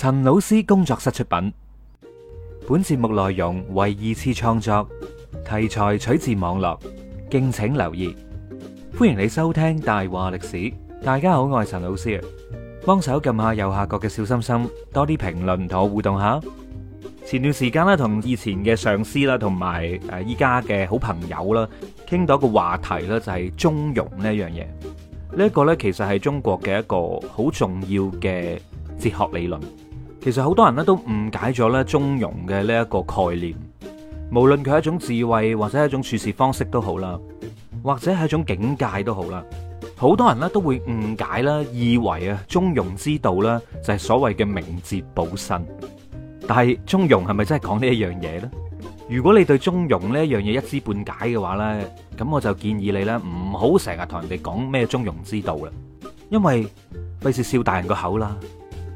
陳老師工作室出品，本節目內容為二次創作，題材取自網絡，敬請留意。歡迎你收聽大話歷史。大家好，我係陳老師啊，幫手撳下右下角嘅小心心，多啲評論同我互動下。前段時間咧，同以前嘅上司啦，同埋誒依家嘅好朋友啦，傾到一個話題啦，就係中庸呢一樣嘢。呢一個咧，其實係中國嘅一個好重要嘅哲學理論。其實好多人咧都誤解咗咧中庸嘅呢一個概念，無論佢係一種智慧，或者係一種處事方式都好啦，或者係一種境界都好啦，好多人咧都會誤解啦，以為啊中庸之道咧就係所謂嘅明哲保身，但係中庸係咪真係講呢一樣嘢呢？如果你對中庸呢一樣嘢一知半解嘅話呢，咁我就建議你咧唔好成日同人哋講咩中庸之道啦，因為費事笑大人個口啦。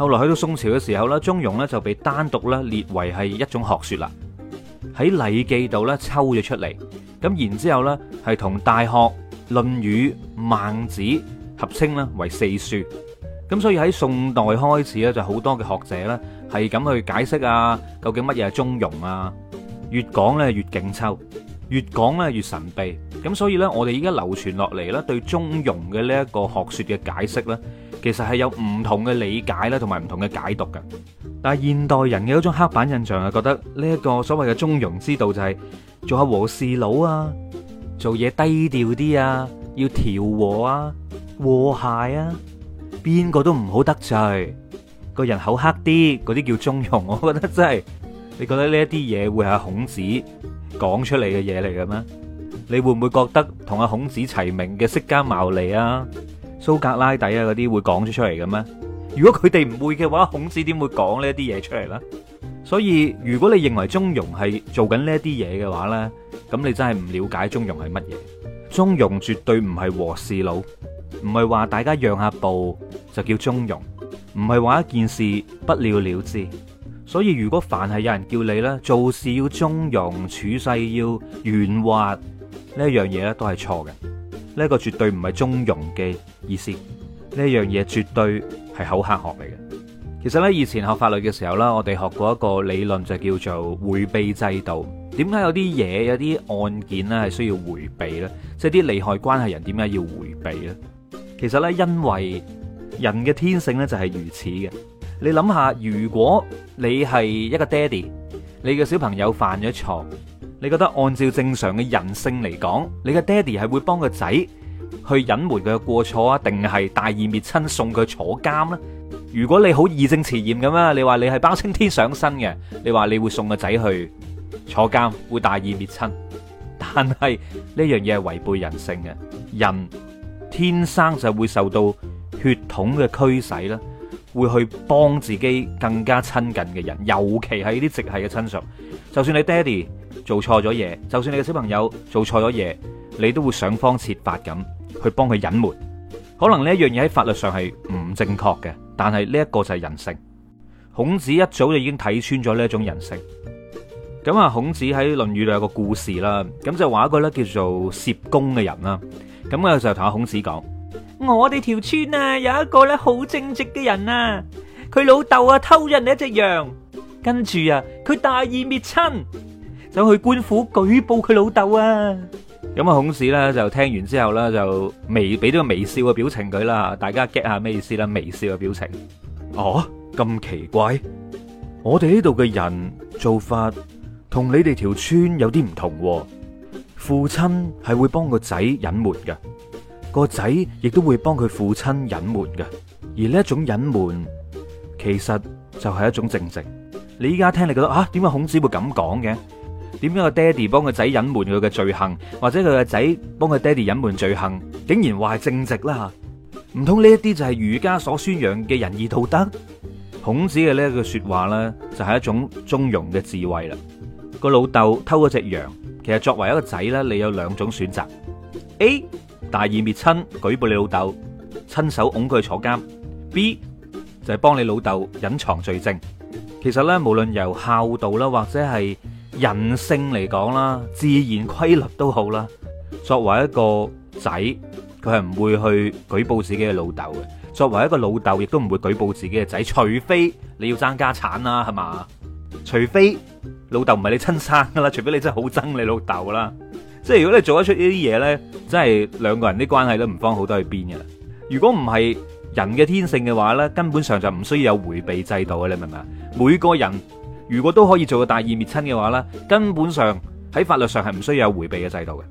後來去到宋朝嘅時候咧，中庸咧就被單獨咧列為係一種學說啦，喺禮記度咧抽咗出嚟，咁然之後咧係同大學、論語、孟子合稱咧為四書，咁所以喺宋代開始咧就好多嘅學者咧係咁去解釋啊，究竟乜嘢係中庸啊？越講咧越勁抽，越講咧越神秘，咁所以咧我哋而家流傳落嚟咧對中庸嘅呢一個學說嘅解釋咧。其實係有唔同嘅理解啦，同埋唔同嘅解讀嘅。但係現代人嘅一種刻板印象係覺得呢一個所謂嘅中庸之道就係、是、做下和事佬啊，做嘢低調啲啊，要調和啊，和諧啊，邊個都唔好得罪，個人口黑啲，嗰啲叫中庸。 我覺得真係，你覺得呢一啲嘢會係孔子講出嚟嘅嘢嚟嘅咩？你會唔會覺得同阿孔子齊名嘅釋迦牟尼啊，蘇格拉底啊，嗰啲會講咗出嚟嘅咩？如果佢哋唔會嘅話，孔子點會講呢啲嘢出嚟呢？所以如果你認為中庸係做緊呢啲嘢嘅話呢，咁你真係唔了解中庸係乜嘢。中庸絕對唔係和事佬，唔係話大家讓下步就叫中庸，唔係話一件事不了了之。所以如果凡係有人叫你呢，做事要中庸，處世要圓滑呢樣嘢呢，都係錯嘅。呢個絕對唔係中庸嘅意思，呢樣嘢絕對係厚黑學嚟嘅。其實呢，以前學法律嘅時候呢，我哋學過一個理論就叫做回避制度。點解有啲嘢有啲案件呢係需要回避呢？即係啲利害關係人點解要回避呢？其實呢，因為人嘅天性呢就係如此嘅。你諗下，如果你係一個爹哋，你嘅小朋友犯咗錯。你覺得按照正常嘅人性嚟講，你嘅爹哋係會幫個仔去隱瞞佢嘅過錯啊，定係大義滅親送佢坐監咧？如果你好義正詞嚴咁啊，你話你係包青天上身嘅，你話你會送個仔去坐監，會大義滅親？但係呢樣嘢係違背人性嘅，人天生就會受到血統嘅驅使啦，會去幫自己更加親近嘅人，尤其係呢啲直系嘅親屬，就算你爹哋，做錯咗嘢，就算你嘅小朋友做錯咗嘢，你都會想方設法咁去幫佢隱瞞。可能呢一樣嘢喺法律上係唔正確嘅，但係呢一個就係人性。孔子一早就已經睇穿咗呢一種人性。咁啊，孔子喺《論語》度有個故事啦，咁就話一個咧叫做葉公嘅人啦。咁啊，就同阿孔子講：我哋條村啊，有一個咧好正直嘅人啊，佢老豆啊偷人哋一隻羊，跟住啊佢大義滅親。想去官府舉報佢老豆啊！咁啊，孔子咧就聽完之後咧就微俾咗個微笑嘅表情佢啦。吓，大家 get 下咩意思啦？微笑嘅表情哦，咁奇怪，我哋呢度嘅人做法同你哋條村有啲唔同。父親係會幫個仔隱瞞嘅，個仔亦都會幫佢父親隱瞞嘅。而呢一種隱瞞其實就係一種正直。你依家聽你覺得啊，點解孔子會咁講嘅？點解個爹哋幫個仔隱瞞佢嘅罪行，或者佢個仔幫佢爹哋隱瞞罪行，竟然話係正直啦吓？唔通呢一啲就係儒家所宣揚嘅仁義道德？孔子嘅呢一句說話呢，就係一種中庸嘅智慧啦。個老豆偷咗隻羊，其實作為一個仔呢，你有兩種選擇：A 大義滅親，舉報你老豆，親手拱佢坐監；B 就係幫你老豆隱藏罪證。其實呢，無論由孝道啦，或者係人性嚟講啦，自然規律都好啦。作為一個仔，佢係唔會去舉報自己嘅老豆嘅。作為一個老豆，亦都唔會舉報自己嘅仔，除非你要爭家產啦，係嘛？除非老豆唔係你親生噶啦，除非你真係好憎你老豆啦。即係如果你做得出呢啲嘢呢，真係兩個人啲關係都唔方好都去邊嘅啦。如果唔係人嘅天性嘅話呢，根本上就唔需要有回避制度啊，你明唔明啊？每個人。如果都可以做到大義滅親嘅話呢，根本上喺法律上係唔需要有回避嘅制度嘅，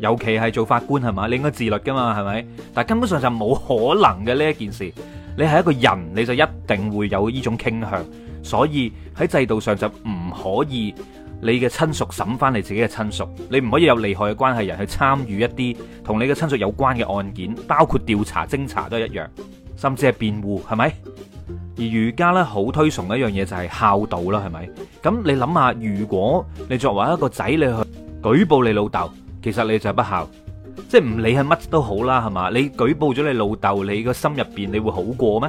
尤其係做法官係嘛，你應該自律噶嘛，係咪？但根本上就冇可能嘅呢一件事，你係一個人，你就一定會有呢種傾向，所以喺制度上就唔可以，你嘅親屬審翻你自己嘅親屬，你唔可以有利害嘅關係人去參與一啲同你嘅親屬有關嘅案件，包括調查、偵查都一樣，甚至係辯護，係咪？而儒家咧好推崇一樣嘢就係孝道啦，係咪？咁你諗下，如果你作為一個仔，你去舉報你老豆，其實你就係不孝，即係唔理，係乜都好啦，係嘛？你舉報咗你老豆，你個心入邊你會好過咩？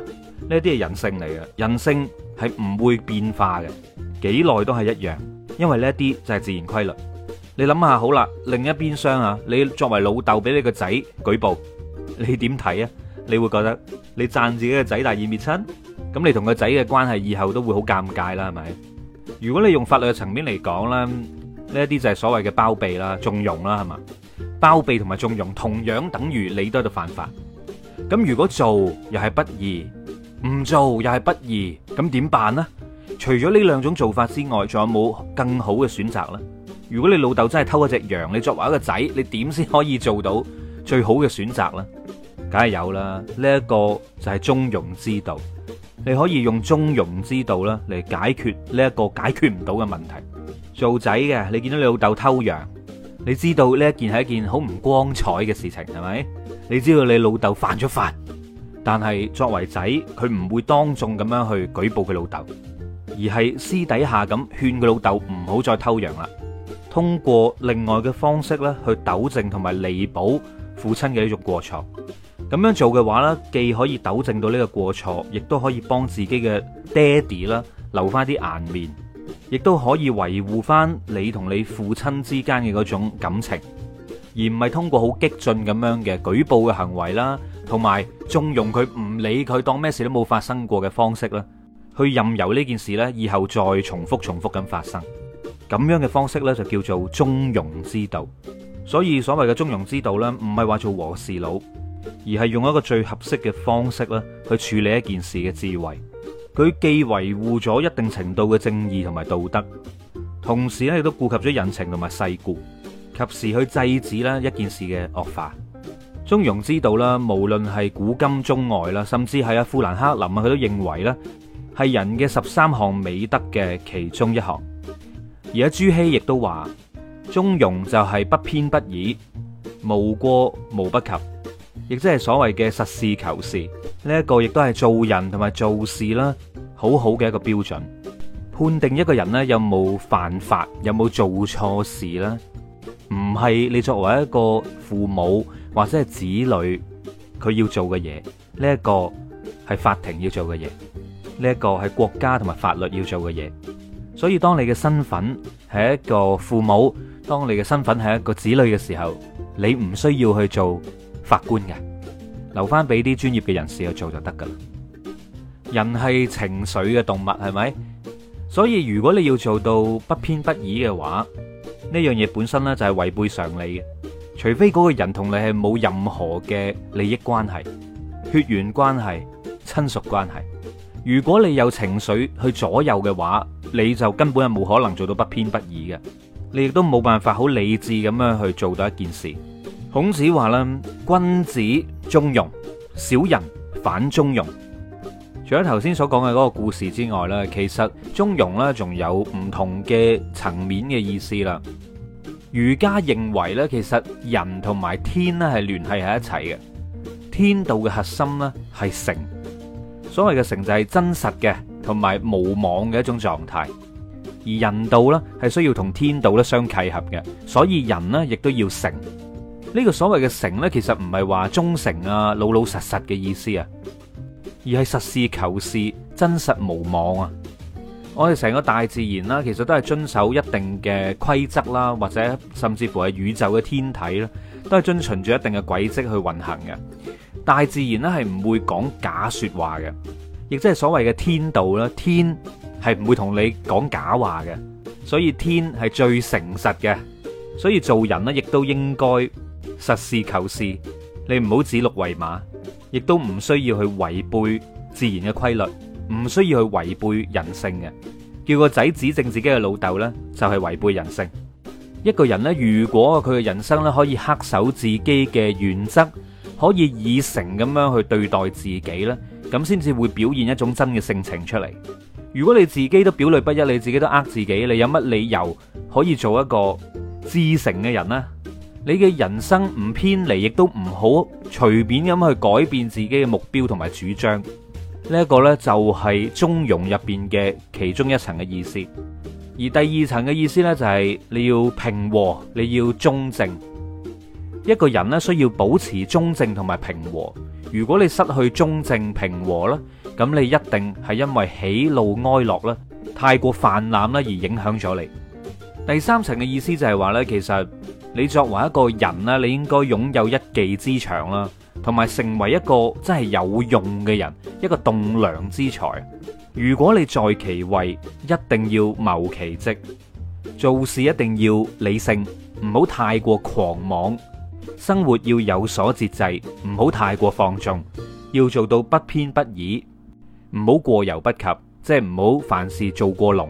呢啲係人性嚟嘅，人性係唔會變化嘅，幾耐都係一樣，因為呢啲就係自然規律。你諗下好啦，另一邊廂啊，你作為老豆俾你個仔舉報，你點睇啊？你會覺得你讚自己嘅仔大義滅親，咁你同個仔嘅關係以後都會好尷尬啦，係咪？如果你用法律嘅層面嚟講啦，呢一啲就係所謂嘅包庇啦、縱容啦，係嘛？包庇同埋縱容同樣等於你都喺度犯法。咁如果做又係不義，唔做又係不義，咁點辦呢？除咗呢兩種做法之外，仲有冇更好嘅選擇呢？如果你老豆真係偷咗隻羊，你作為一個仔，你點先可以做到最好嘅選擇呢？梗係有啦，呢一個就係中庸之道，你可以用中庸之道啦，嚟解決呢一個解決唔到嘅問題。做仔嘅，你見到你老豆偷羊，你知道呢一件係一件好唔光彩嘅事情，係咪？你知道你老豆犯咗法，但係作為仔，佢唔會當眾咁樣去舉報佢老豆，而係私底下咁勸佢老豆唔好再偷羊啦。通過另外嘅方式咧，去糾正同埋彌補父親嘅呢種過錯。咁樣做嘅話咧，既可以糾正到呢個過錯，亦都可以幫自己嘅爹哋啦留翻啲顏面，亦都可以維護翻你同你父親之間嘅嗰種感情，而唔係通過好激進咁樣嘅舉報嘅行為啦，同埋縱容佢唔理佢當咩事都冇發生過嘅方式啦，去任由呢件事咧以後再重複重複咁發生，咁樣嘅方式呢，就叫做中庸之道。所以所謂嘅中庸之道呢，唔係話做和事佬。而係用一個最合適嘅方式啦，去處理一件事嘅智慧。佢既維護咗一定程度嘅正義同埋道德，同時咧亦都顧及咗人情同埋世故，及時去制止啦一件事嘅惡化。中庸之道啦，無論係古今中外啦，甚至係阿富蘭克林啊，佢都認為啦係人嘅十三項美德嘅其中一項。而阿朱熹亦都話，中庸就係不偏不倚，無過無不及。亦即係所謂嘅實事求是呢一個，亦都係做人同埋做事啦，好好嘅一個標準。判定一個人呢，有冇犯法，有冇做錯事啦，唔係你作為一個父母或者係子女，佢要做嘅嘢，呢一個係法庭要做嘅嘢，呢一個係國家同埋法律要做嘅嘢。所以當你嘅身份係一個父母，當你嘅身份係一個子女嘅時候，你唔需要去做。法官嘅，留翻俾啲專業嘅人士去做就得噶啦。人係情緒嘅動物，係咪？所以如果你要做到不偏不倚嘅話，呢樣嘢本身呢就係違背常理嘅。除非嗰個人同你係冇任何嘅利益關係、血緣關係、親屬關係。如果你有情緒去左右嘅話，你就根本係冇可能做到不偏不倚嘅。你亦都冇辦法好理智咁樣去做到一件事。孔子話咧，君子中庸，小人反中庸。除咗頭先所講嘅嗰個故事之外咧，其實中庸咧仲有唔同嘅層面嘅意思啦。儒家認為咧，其實人同埋天咧係聯繫喺一齊嘅。天道嘅核心咧係誠，所謂嘅誠就係真實嘅，同埋無妄嘅一種狀態。而人道咧係需要同天道咧相契合嘅，所以人咧亦都要誠。呢個所謂嘅誠呢，其實唔係話忠誠啊，老老實實嘅意思啊，而係實事求是、真實無妄啊。我哋成個大自然啦，其實都係遵守一定嘅規則啦，或者甚至乎係宇宙嘅天體啦，都係遵循住一定嘅軌跡去運行嘅。大自然呢，係唔會講假說話嘅，亦即係所謂嘅天道啦，天係唔會同你講假話嘅，所以天係最誠實嘅，所以做人呢，亦都應該。實事求是，你唔好指鹿為馬，亦都唔需要去違背自然嘅規律，唔需要去違背人性嘅。叫個仔指正自己嘅老豆呢，就係違背人性。一個人呢，如果佢嘅人生呢，可以恪守自己嘅原則，可以以誠咁樣去對待自己呢，咁先至會表現一種真嘅性情出嚟。如果你自己都表裏不一，你自己都呃自己，你有乜理由可以做一個至誠嘅人呢？你嘅人生唔偏離，亦都唔好隨便咁去改變自己嘅目標同埋主張。呢一個呢，就係中庸入邊嘅其中一層嘅意思。而第二層嘅意思呢，就係你要平和，你要中正。一個人呢，需要保持中正同埋平和。如果你失去中正平和啦，咁你一定係因為喜怒哀樂啦，太過泛濫啦，而影響咗你。第三層嘅意思就係話呢，其實。你作為一個人咧，你應該擁有一技之長啦，同埋成為一個真係有用嘅人，一個棟梁之才。如果你在其位，一定要謀其職，做事一定要理性，唔好太過狂妄。生活要有所節制，唔好太過放縱，要做到不偏不倚，唔好過猶不及，即係唔好凡事做過龍。